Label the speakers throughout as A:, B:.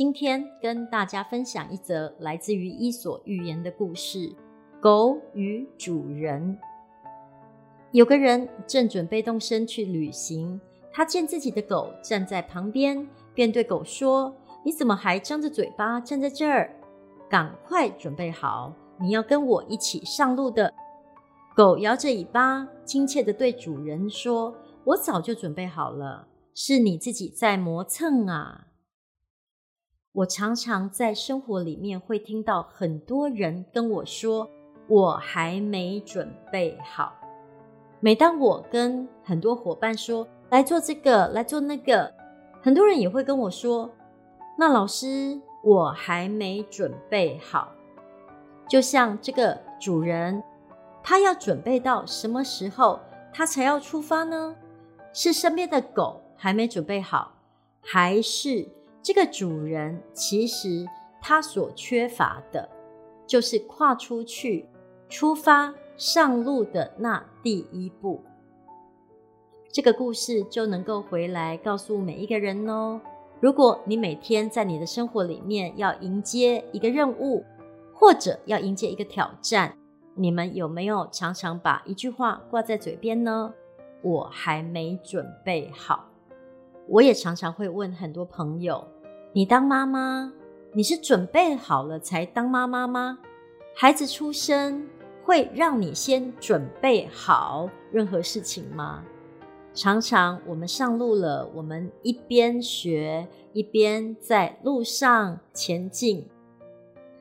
A: 今天跟大家分享一則來自於《伊索寓言》的故事：狗與主人。有個人正準備動身去旅行，他見自己的狗站在旁邊，便對狗說：“你怎麼還張着嘴巴站在這兒？趕快準備好，你要跟我一起上路的。”狗搖着尾巴，親切地對主人說：“我早就準備好了，是你自己在磨蹭啊。”我常常在生活裡面會聽到很多人跟我說：“我還沒準備好。”每當我跟很多夥伴說來做這個、來做那個，很多人也會跟我說：“那老師，我還沒準備好。”就像這個主人，他要準備到什麼時候，他才要出發呢？是身邊的狗還沒準備好，還是？這個主人其實他所缺乏的，就是跨出去、出發、上路的那第一步。這個故事就能夠回來告訴每一個人哦。如果你每天在你的生活裡面要迎接一個任務，或者要迎接一個挑戰，你們有沒有常常把一句話掛在嘴邊呢？我還沒準備好。我也常常會問很多朋友。你當媽媽，你是準備好了才當媽媽嗎？孩子出生會讓你先準備好任何事情嗎？常常我們上路了，我們一邊學一邊在路上前進，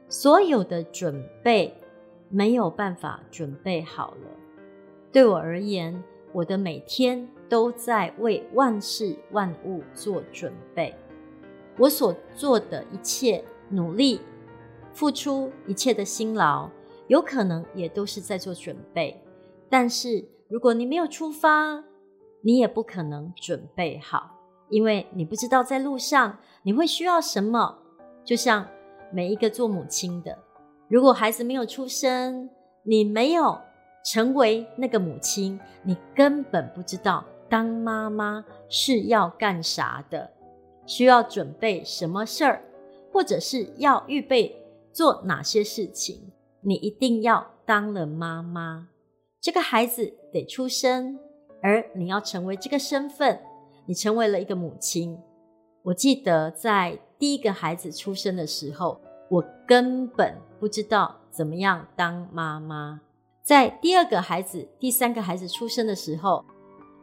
A: 所有的準備沒有辦法準備好了。對我而言，我的每天都在為萬事萬物做準備。我所做的一切努力，付出一切的辛勞，有可能也都是在做準備。但是，如果你沒有出發，你也不可能準備好，因為你不知道在路上你會需要什麼。就像每一個做母親的，如果孩子沒有出生，你沒有成為那個母親，你根本不知道當媽媽是要幹啥的。需要準備什麼事兒，或者是要預備做哪些事情？你一定要當了媽媽，這個孩子得出生，而你要成為這個身份，你成為了一個母親。我記得在第一個孩子出生的時候，我根本不知道怎麼樣當媽媽。在第二個孩子、第三個孩子出生的時候，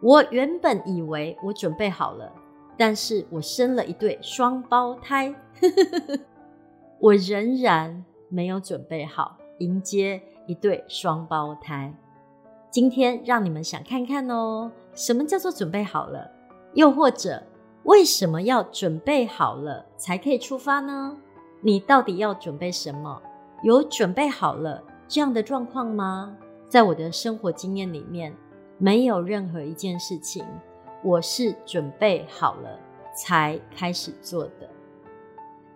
A: 我原本以為我準備好了。但是我生了一對雙胞胎， 我仍然沒有準備好迎接一對雙胞胎。今天讓你們想看看哦，什麼叫做準備好了？又或者為什麼要準備好了才可以出發呢？你到底要準備什麼？有準備好了這樣的狀況嗎？在我的生活經驗裡面，沒有任何一件事情。我是準備好了才開始做的。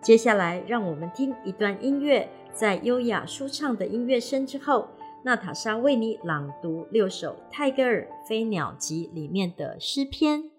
A: 接下來，讓我們聽一段音樂，在優雅舒暢的音樂聲之後娜塔莎為你朗讀六首泰戈爾《飛鳥集》裡面的詩篇。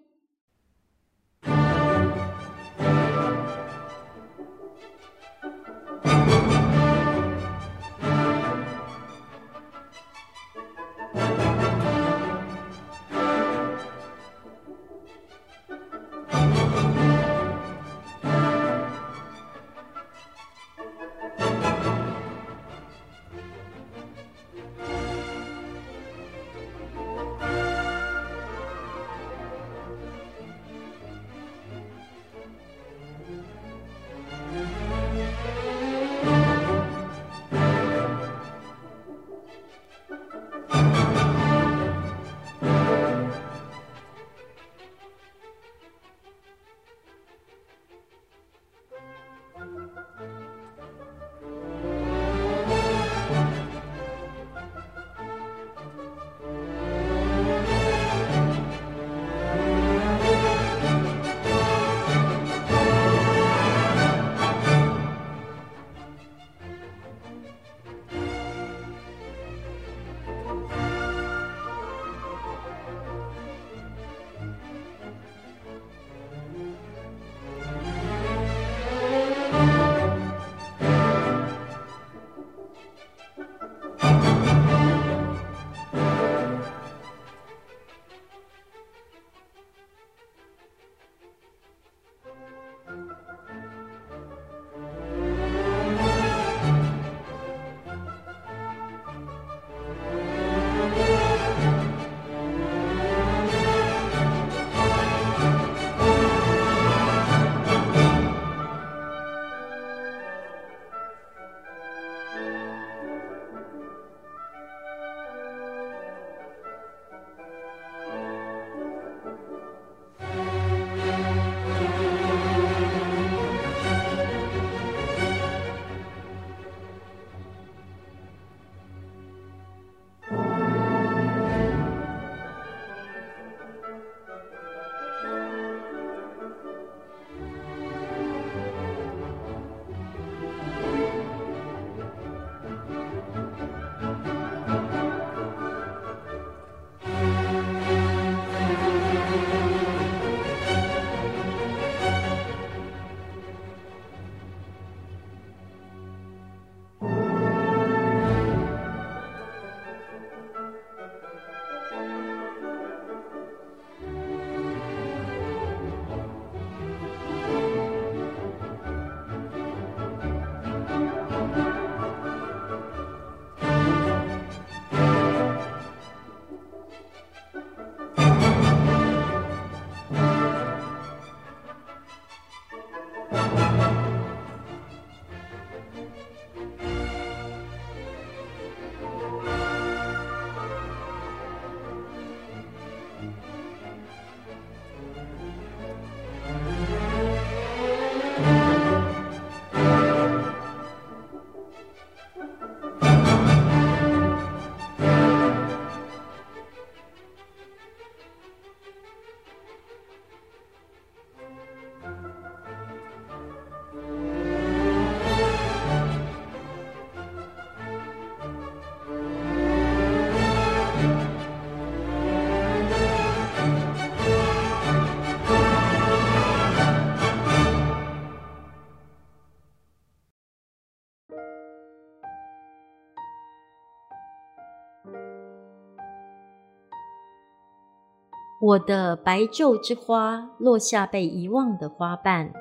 A: 我的白晝之花落下被遺忘的花瓣，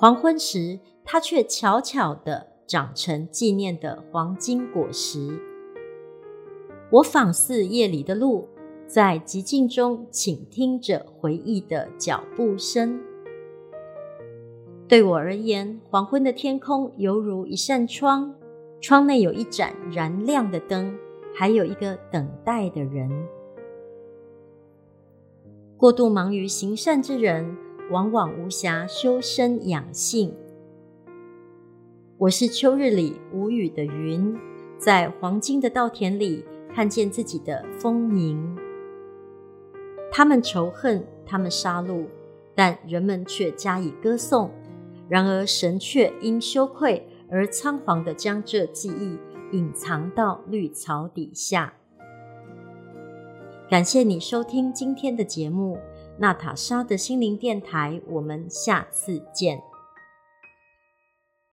A: 黃昏時它卻悄悄地長成紀念的黃金果實。我仿似夜裡的路，在寂靜中傾聽着回憶的腳步聲。對我而言，黃昏的天空猶如一扇窗，窗內有一盞燃亮的燈。還有一個等待的人。過度忙於行善之人，往往無暇修身養性。我是秋日裡無雨的雲，在黃金的稻田裡看見自己的豐盈。他們仇恨，他們殺戮，但人們卻加以歌頌。然而神卻因羞愧而倉皇地將這記憶。隱藏到綠草底下。感謝你收聽今天的節目《娜塔莎的心靈電台》，我們下次見。